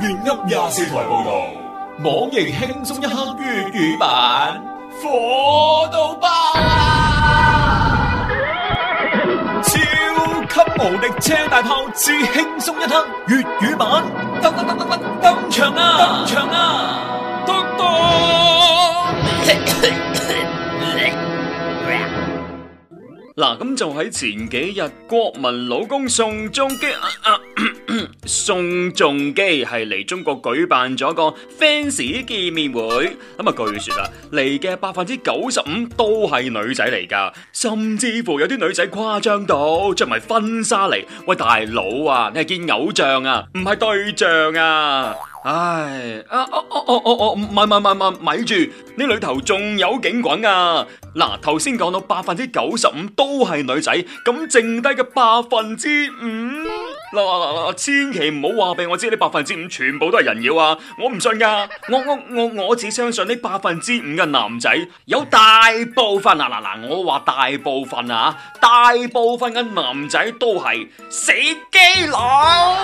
原音廿四台報道，網易輕鬆一刻粵語版，火到爆啊！超級無敵車大炮至輕鬆一刻粵語版，登登登登登登場啊！登場啊！登登。嗱，咁 就喺前幾日，國民老公宋仲基，啊啊、宋仲基係嚟中國舉辦咗個 fans 見面會，咁啊，據說啊嚟嘅百分之九十五都係女仔嚟噶，甚至乎有啲女仔誇張到着埋婚紗嚟，喂大佬啊，你係見偶像啊，唔係對象啊！唉，啊，哦，哦，哦，哦，哦，咪咪咪咪咪住，呢裏頭仲有警棍啊！嗱，啊，頭先講到百分之九十五都係女仔，咁剩低嘅百分之五，嗱嗱嗱，千祈唔好話俾我知，呢百分之五全部都係人妖啊！我唔信噶，我我我我只相信呢百分之五嘅男仔，有大部分啊嗱嗱，我話大部分啊，大部分嘅男仔都係死基佬。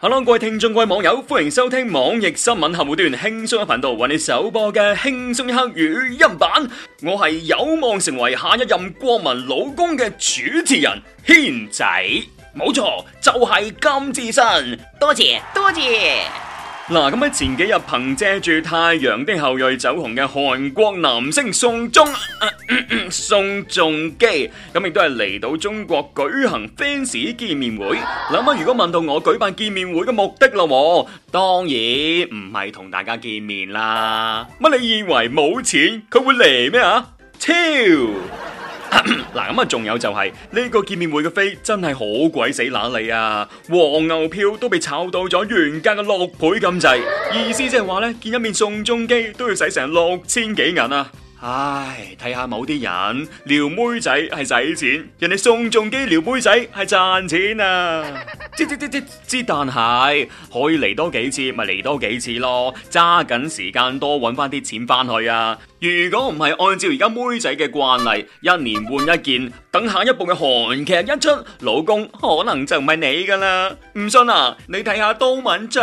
Hello 各位聽眾、各位網友，歡迎收聽網易新聞客戶端輕鬆頻道為你首播嘅輕鬆一刻語音版。我係有望成為下一任國民老公嘅主持人軒仔，冇錯，就係金智新。多謝，多謝。嗱，咁喺前幾日，憑借住《太陽的後裔》走紅嘅韓國男星宋鐘、呃呃呃呃、宋仲基，咁亦都係嚟到中國舉行 fans 見面會。諗下、啊，如果問到我舉辦見面會嘅目的咯，當然唔係同大家見面啦。乜你以為冇錢佢會嚟咩啊？超！嗱，咁啊，仲咳咳有就係呢個見面會嘅飛真係好鬼死難理啊，黃牛票都被炒到咗原價嘅六倍咁滯，意思即係話咧見一面宋仲基都要使成六千幾銀啊！唉，睇下某啲人撩妹仔係使錢，人哋宋仲基撩妹仔係賺錢啊！之之之之，但係可以嚟多幾次，咪嚟多幾次咯。揸緊時間多搵翻啲錢翻去啊！如果唔係按照而家妹仔嘅慣例，一年換一件，等下一部嘅韓劇一出，老公可能就唔係你噶啦！唔信啊，你睇下都敏俊。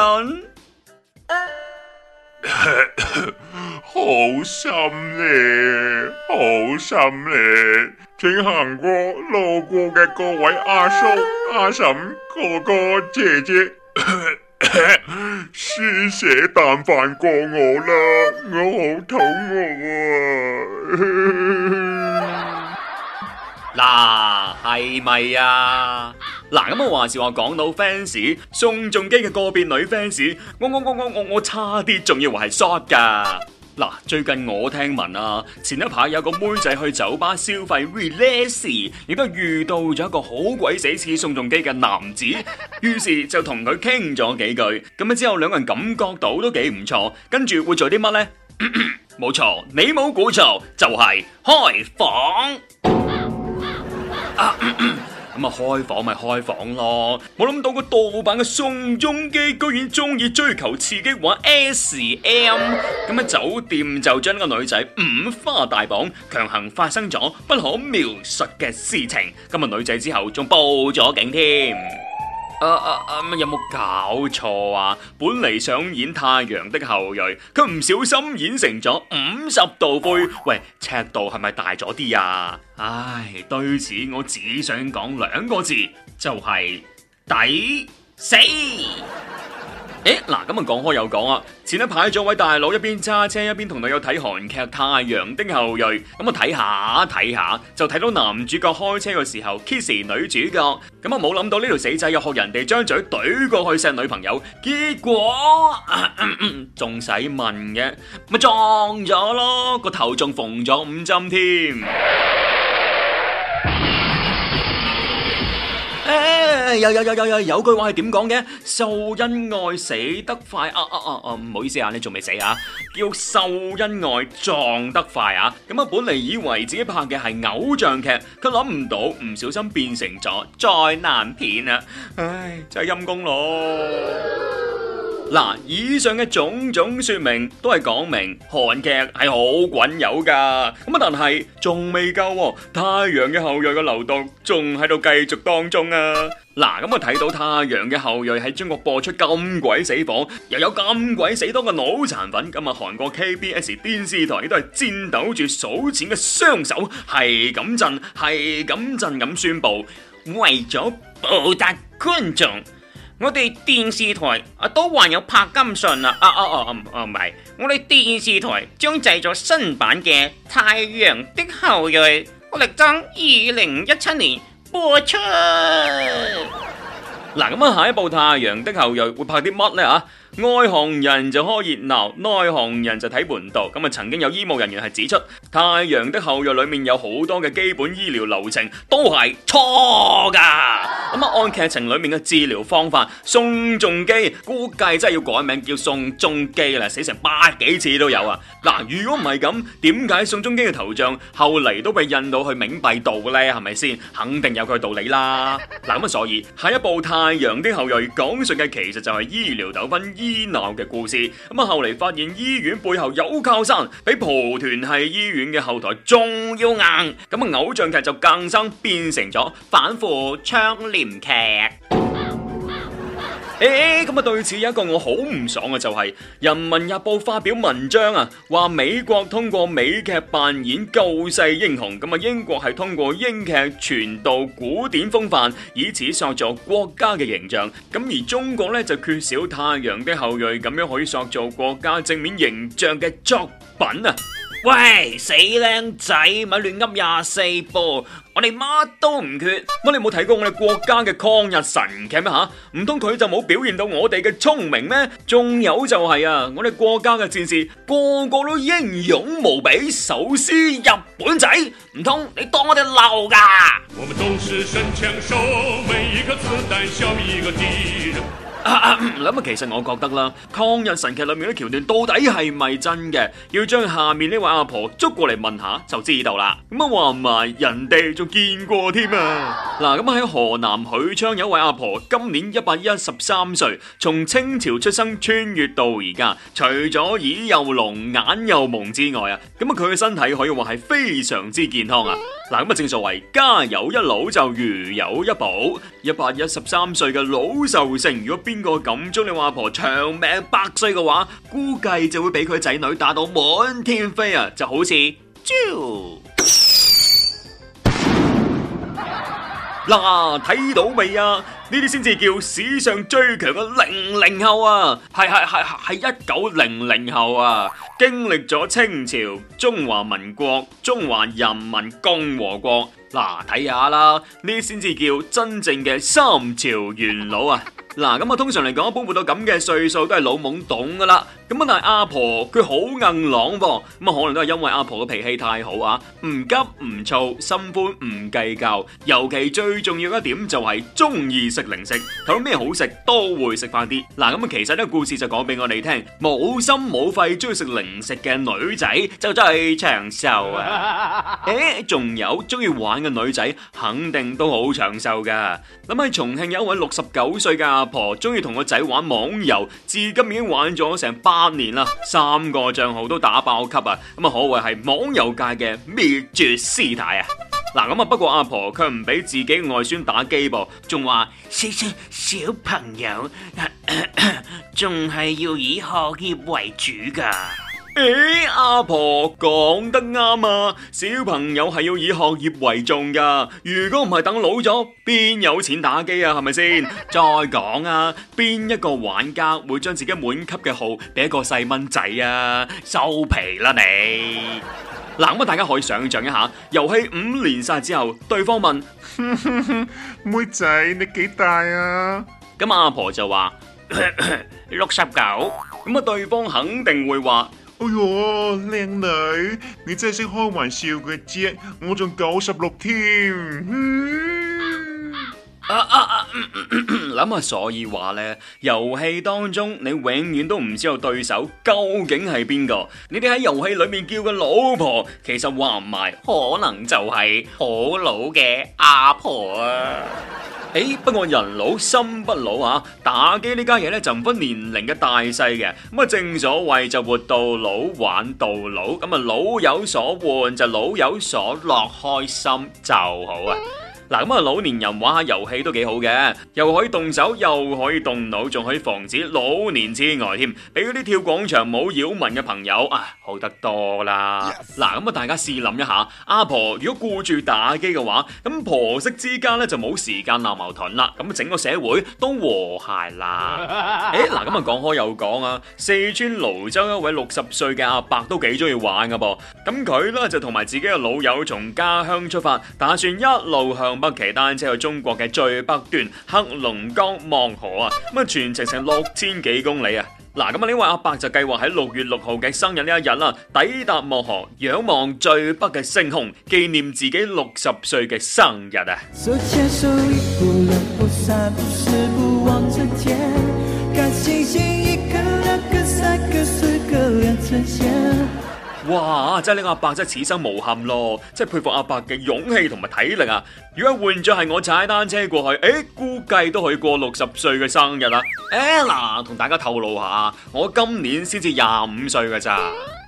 好心咧，好心咧，請行過路過嘅各位阿叔、阿嬸、哥哥、姐姐，施捨啖飯過我啦，我好肚餓啊。嗱， 係咪啊？嗱，咁我話事，我講到 fans 宋仲基嘅個別女 fans，我我我我我我差啲仲以為係 shot 噶。嗱，最近我聽聞啊，前一排有個妹仔去酒吧消費 relax，亦都遇到咗一個好鬼死似宋仲基嘅男子，於是就同佢傾咗幾句，咁樣之後兩個人感覺到都幾唔錯，跟住會做啲乜呢？冇錯，你冇估錯，就係、是、開房。啊咳咳咁啊，開房咪開房咯！冇諗到個盜版嘅宋仲基居然中意追求刺激玩 SM，咁啊酒店就將個女仔五花大綁，強行發生咗不可描述嘅事情。今日女仔之後仲報咗警添。啊啊啊！啊嗯、有冇搞錯啊？本嚟想演太陽的後裔，佢唔小心演成咗五十度灰。喂，尺度係咪大咗啲啊？唉，對此我只想講兩個字，就係、是、抵死。誒，嗱，咁啊講開又講啊，前一排有位大佬一邊揸車一邊同女友睇韓劇《太陽的後裔》看看，咁啊睇下睇下就睇到男主角開車嘅時候 kiss 女主角，咁啊冇諗到呢條死仔又學人哋張嘴懟過去錫女朋友，結果，仲使問嘅，咪撞咗咯，個頭仲縫咗五針添。有有有有有有句話係點講嘅？秀恩愛死得快啊啊啊啊！唔好意思啊，你仲未死啊？叫秀恩愛撞得快啊！咁啊，本嚟以為自己拍嘅係偶像劇，佢諗唔到，唔小心變成咗災難片啊！唉，真係陰功咯～嗱，以上嘅種種說明都係講明韓劇係好滾友噶，咁啊，但係仲未夠太陽嘅後裔嘅流毒仲喺度繼續當中啊！嗱，咁 啊睇到太陽嘅後裔喺中國播出咁鬼死火，又有咁鬼死多嘅腦殘粉，咁啊，韓國 KBS 電視台亦都係顫抖住數錢嘅雙手，係咁震，係咁震咁宣布， 為咗報答觀眾。我哋電視台啊，都還有拍金信啦！啊啊啊唔，唔係，我哋電視台將製作新版嘅《太陽的後裔》，我力爭二零一七年播出。嗱，咁啊，下一部《太陽的後裔》會拍啲乜呢啊？外行人就開熱鬧，內行人就睇門道。咁、嗯、啊，曾經有醫務人員係指出《太陽的後裔》裏面有好多嘅基本醫療流程都係錯噶。咁、嗯、啊，按劇情裏面嘅治療方法，宋仲基估計真係要改名叫宋仲基啦，死成百幾次都有啊。嗱，如果唔係咁，點解宋仲基嘅頭像後嚟都被印到去冥幣度咧？係咪先？肯定有佢道理啦。嗱，咁啊，所以下一部《太陽的後裔》講述嘅其實就係醫療糾紛醫鬧嘅故事，咁啊後嚟發現醫院背後有靠山，比蒲團喺醫院嘅後台仲要硬，咁啊偶像劇就更生變成咗反腐倡廉劇。誒，咁啊、欸，對此有一個我好唔爽嘅，就係《人民日報》發表文章啊，話美國通過美劇扮演救世英雄，咁啊，英國係通過英劇傳導古典風範，以此塑造國家嘅形象，咁而中國呢就缺少《太陽的後裔》咁樣可以塑造國家正面形象嘅作品啊。喂，死靚仔，咪亂噏廿四部，我哋乜都唔缺。乜你冇睇過我哋國家嘅抗日神劇咩吓？唔通佢就冇表現到我哋嘅聰明咩？仲有就係啊，我哋國家嘅戰士個個都英勇無比，手撕日本仔。唔通你當我哋流噶？咁啊，其實我覺得啦，抗日神劇裏面啲橋段到底係咪真嘅？要將下面呢位阿婆捉過嚟問下就知道啦。咁啊，話唔埋，人哋仲見過添啊！嗱，咁喺河南許昌有位阿婆，今年一百一十三歲，從清朝出生穿越到而家，除咗耳又聾、眼又矇之外啊，咁啊佢嘅身體可以話係非常之健康啊！嗱、啊，咁啊正所謂家有一老就如有一寶。一百一十三歲嘅老壽星，如果邊個敢將你阿婆長命百歲嘅話，估計就會俾佢仔女打到滿天飛啊！就好似，嗱，睇到未啊？呢啲先至叫史上最強嘅零零後啊！係係係係係一九零零後啊！經歷咗清朝、中華民國、中華人民共和國。嗱，睇下啦，呢先至叫真正嘅三朝元老啊！嗱，咁啊通常嚟講，一般活到咁嘅歲數都係老懵懂噶啦。咁啊，但係阿婆佢好硬朗噃，咁啊可能都係因為阿婆嘅脾氣太好啊，唔急唔躁，心寬唔計較。尤其最重要一點就係中意食零食，睇到咩好食都會食翻啲。嗱，咁啊其實呢個故事就講俾我哋聽，冇心冇肺中意食零食嘅女仔就真係長壽啊！誒，仲有中意玩嘅女仔肯定都好長壽噶。咁喺重慶有一位六十九歲噶，阿婆中意同個仔玩網遊，至今已經玩咗成八年啦，三個賬號都打爆級啊！咁啊，可謂係網遊界嘅滅絕師太啊！嗱，咁啊，不過阿婆卻唔俾自己外孫打機噃，仲話小小小朋友仲係要以學業為主噶。咦，阿婆，講得啱啊，小朋友係要以學業為重㗎，如果唔係等老咗，邊有錢打機啊，係咪先?再講啊，邊一個玩家會將自己滿級嘅號俾一個細蚊仔啊，收皮啦你! 嗱,咁啊,大家可以想象一下,遊戲五連殺之後, 對方問,妹仔,你幾大啊?咁阿婆就話, 六十九。咁啊，對方肯定會話。哎呦，靚女，你真係識開玩笑嘅啫，我仲九十六添。嗯。諗、啊啊、下，所以話呢，遊戲當中你永遠都唔知道對手究竟係邊個。你哋喺遊戲裏面叫個老婆，其實話唔埋，可能就係好老嘅阿婆啊。誒、 欸，不過人老心不老啊，打機呢家嘢呢，就唔分年齡嘅大細嘅。咁啊，正所謂就活到老玩到老，咁啊老有所玩就老有所樂，所樂開心就好啊。嗱，咁啊，老年人玩下遊戲都幾好嘅，又可以動手，又可以動腦，仲可以防止老年癡呆添，比嗰啲跳廣場舞擾民嘅朋友啊好得多啦。嗱，咁啊，大家試諗一下，阿婆如果顧住打機嘅話，咁婆媳之間咧就冇時間鬧矛盾啦，咁整個社會都和諧啦。誒、 欸，嗱，咁啊，講開又講啊，四川瀘州一位六十歲嘅阿伯都幾中意玩噶噃，咁佢咧就同埋自己嘅老友從家鄉出發，打算一路向北騎單車去中國嘅最北端黑龍江漠河啊！咁啊，全程成六千幾公里啊！嗱，咁啊，呢位阿伯就計劃喺六月六號嘅生日呢一日啦，抵達漠河仰望最北嘅星空，紀念自己六十歲嘅生日啊！哇！真係令阿伯真係此生無憾咯，真係佩服阿伯嘅勇氣同埋體力啊！如果換咗係我踩單車過去，誒，估計都可以過六十歲嘅生日啦。誒，嗱，同大家透露下，我今年先至廿五歲噶咋。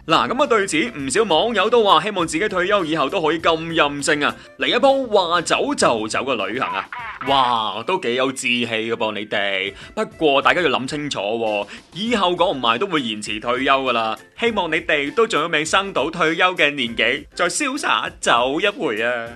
嗱，咁啊，對此唔少網友都話希望自己退休以後都可以咁任性啊，嚟一波話走就走嘅旅行啊！哇，都幾有志氣嘅噃，你哋。不過大家要諗清楚，啊，以後講唔埋都會延遲退休噶啦。希望你哋都仲有命生到退休嘅年紀，再瀟灑走一回啊！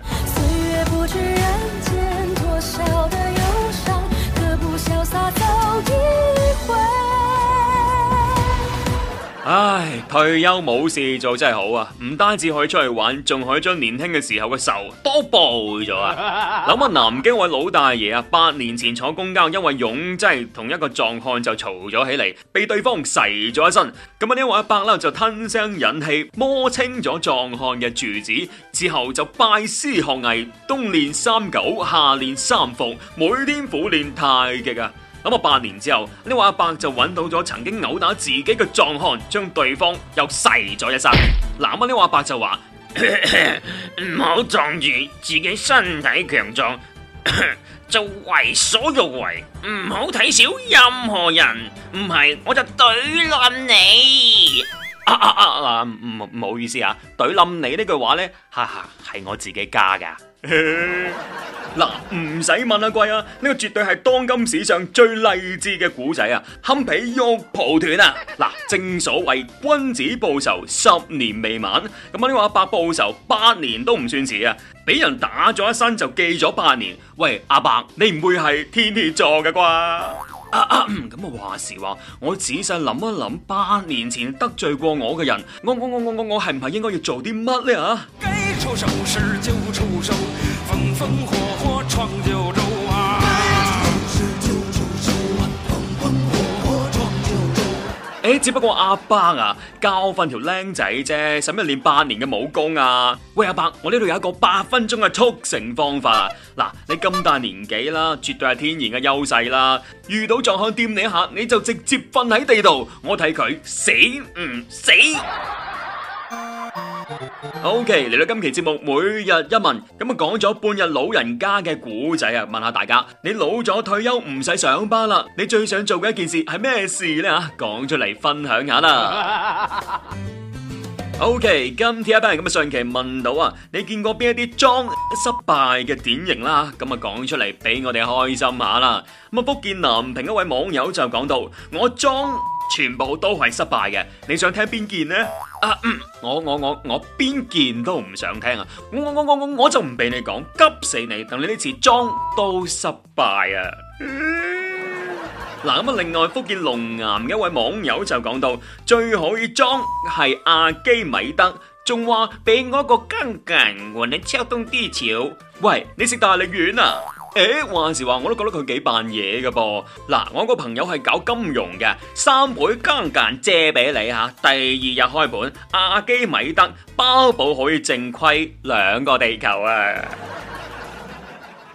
唉，退休冇事做真係好啊！唔單止可以出去玩，仲可以將年輕嘅時候嘅仇多報咗啊！諗 下南京位老大爺啊，八年前坐公交因為擁擠，同一個壯漢就嘈咗起嚟，被對方噬咗一身。咁啊，呢位阿伯咧就吞聲忍氣，摸清咗壯漢嘅住址，之後就拜師學藝，冬練三九，夏練三伏，每天苦練太極啊！咁啊，八年之後，呢位阿伯，伯就揾到咗曾經毆打自己嘅壯漢，將對方又勢咗一身。嗱，咁 呢位阿伯，伯就話：唔好壯住， 自己身體強壯就 為所欲為，唔好睇小任何人。唔係我就懟冧你。啊啊 啊！唔、啊、唔、啊啊啊啊、好意思啊，懟冧你呢句話咧，哈，哈，係我自己加噶。嗱， 唔使問阿貴啊，呢、呢個絕對係當今史上最勵志嘅古仔啊，堪比玉蒲團啊！嗱，正所謂君子報仇，十年未晚。咁我呢個阿伯報仇八年都唔算遲啊！俾人打咗一身就記咗八年。喂，阿伯，你唔會係天蠍座嘅啩？咁啊話時話，我仔細諗一諗，八年前得罪過我嘅人，我我我我我我係唔係應該要做啲乜呢？啊？出手時就出手，風風火火闖九州啊！該出手時就出手，風風火火闖九州。誒，只不過阿爸啊，教訓條靚仔啫，使乜練八年嘅武功啊？喂，阿爸，我呢度有一個八分鐘嘅速成方法嗱，你咁大年紀啦，絕對係天然嘅優勢啦。遇到狀況掂你一下，你就直接瞓喺地度，我睇佢死唔死。嗯死 O K，嚟到今期節目每日一問，咁啊講咗半日老人家嘅古仔啊，問下大家，你老咗退休唔使上班啦，你最想做嘅一件事係咩事呢啊？講出嚟分享下啦。O K，今日一班人咁啊，上期問到啊，你見過邊一啲裝失敗嘅典型啦？咁啊，講出嚟俾我哋開心下啦。咁啊，福建南平一位網友就講到，我裝全部都係失敗嘅，你想聽邊件呢？啊、uh, 嗯！我我我我邊件都唔想聽啊！我我我我我就唔俾你講，急死你！等你呢次裝都失敗啊！嗱咁啊，另外福建龍岩一位網友就講到，最可以裝係阿基米德，仲話俾我個槓杆，我能撬動地球，喂，你食大力丸啊？誒、欸，話時話，我都覺得佢幾扮嘢㗎噃。嗱，我個朋友係搞金融嘅，三倍槓杆借俾你吓，第二日開盤，阿基米德包保可以淨虧兩個地球啊！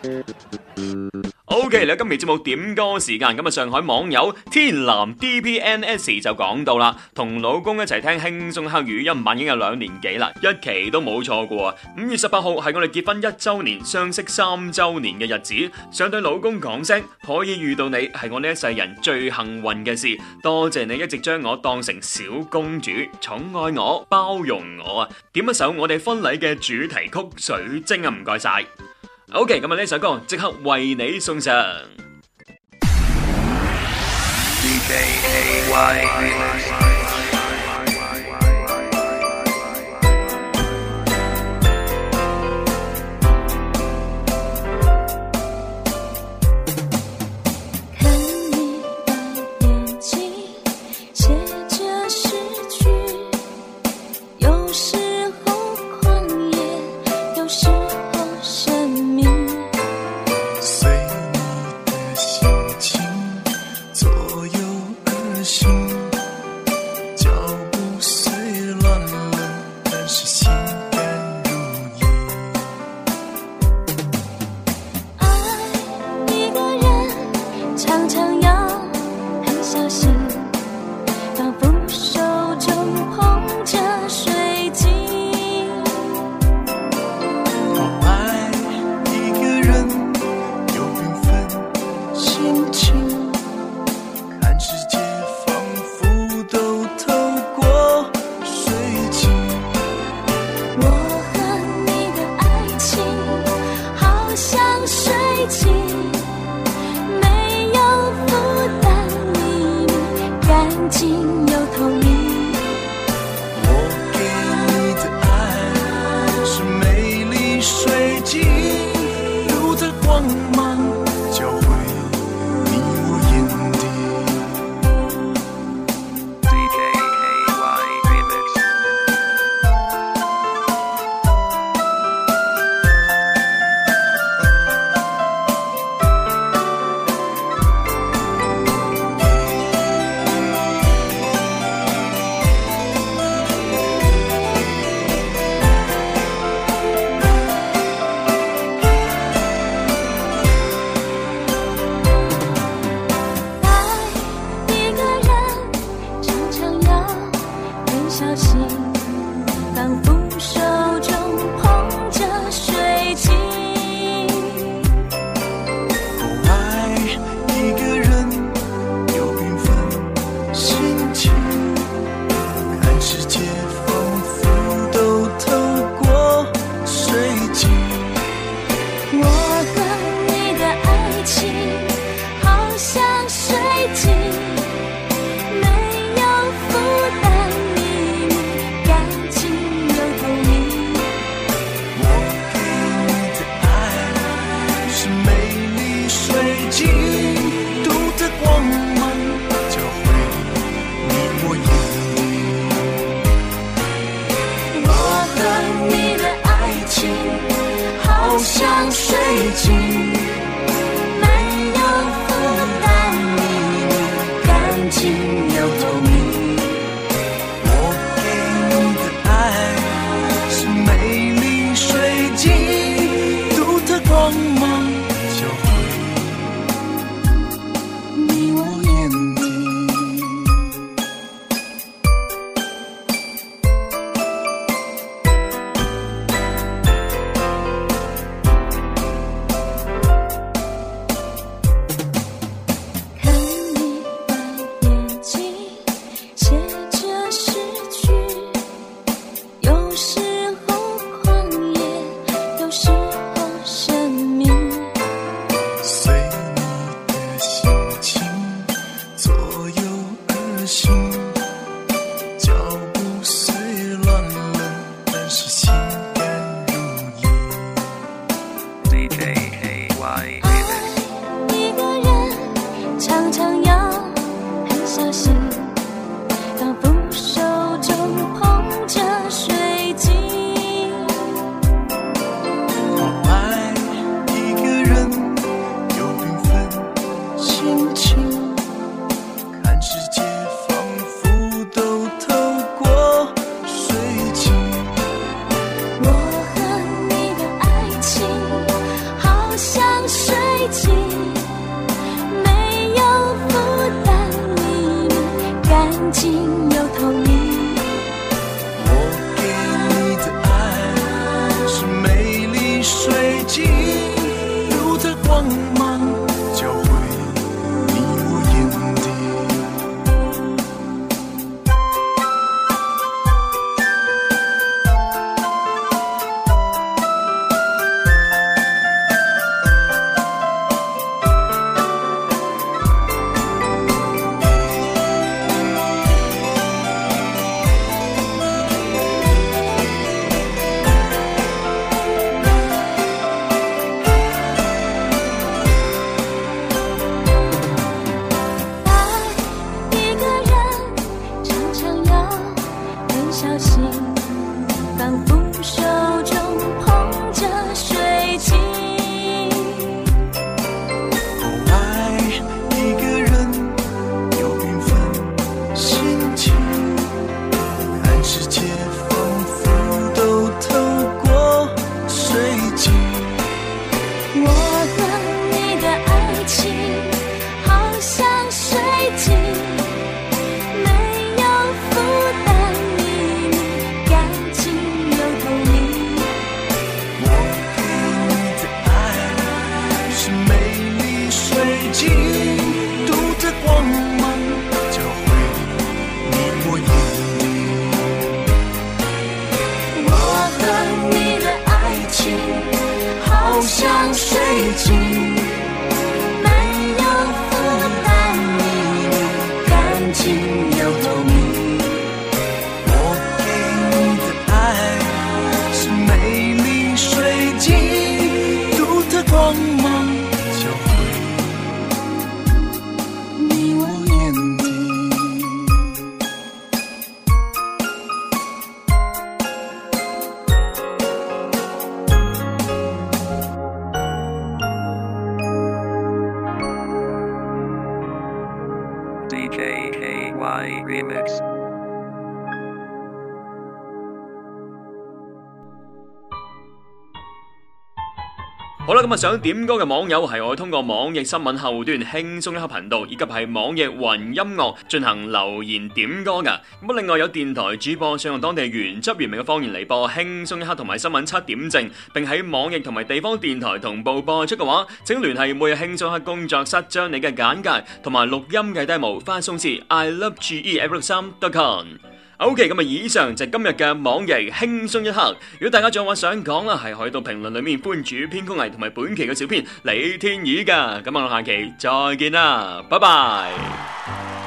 O.K. 你今期節目點歌時間，咁啊上海網友天藍 D.P.N.S 就講到啦，同老公一齊聽輕鬆刻語音版已經有兩年幾啦，一期都冇錯過。五月十八號係我哋結婚一周年、相識三周年嘅日子，想對老公講聲，可以遇到你係我呢一世人最幸運嘅事，多謝你一直將我當成小公主，寵愛我、包容我啊！點一首我哋婚禮嘅主題曲《水晶》啊，唔該晒。OK，咁啊呢首歌即刻為你送上。像水晶。好啦，咁啊想點歌嘅網友係我通過網易新聞客戶端輕鬆一刻頻道，以及係網易雲音樂進行留言點歌噶。咁另外有電台主播想用當地原汁原味嘅方言嚟播輕鬆一刻同埋新聞七點正，並喺網易同埋地方電台同步播出嘅話，請聯繫每日輕鬆一刻工作室，將你嘅簡介同埋錄音嘅 demo 發送至 i love gef63 dot com。O K，咁啊，okay，以上就係今日嘅網易輕鬆一刻。如果大家仲有話想講啦，係可以到評論裡面搬住編曲藝同埋本期嘅小編李天宇噶。咁啊，我哋下期再見啦，拜拜。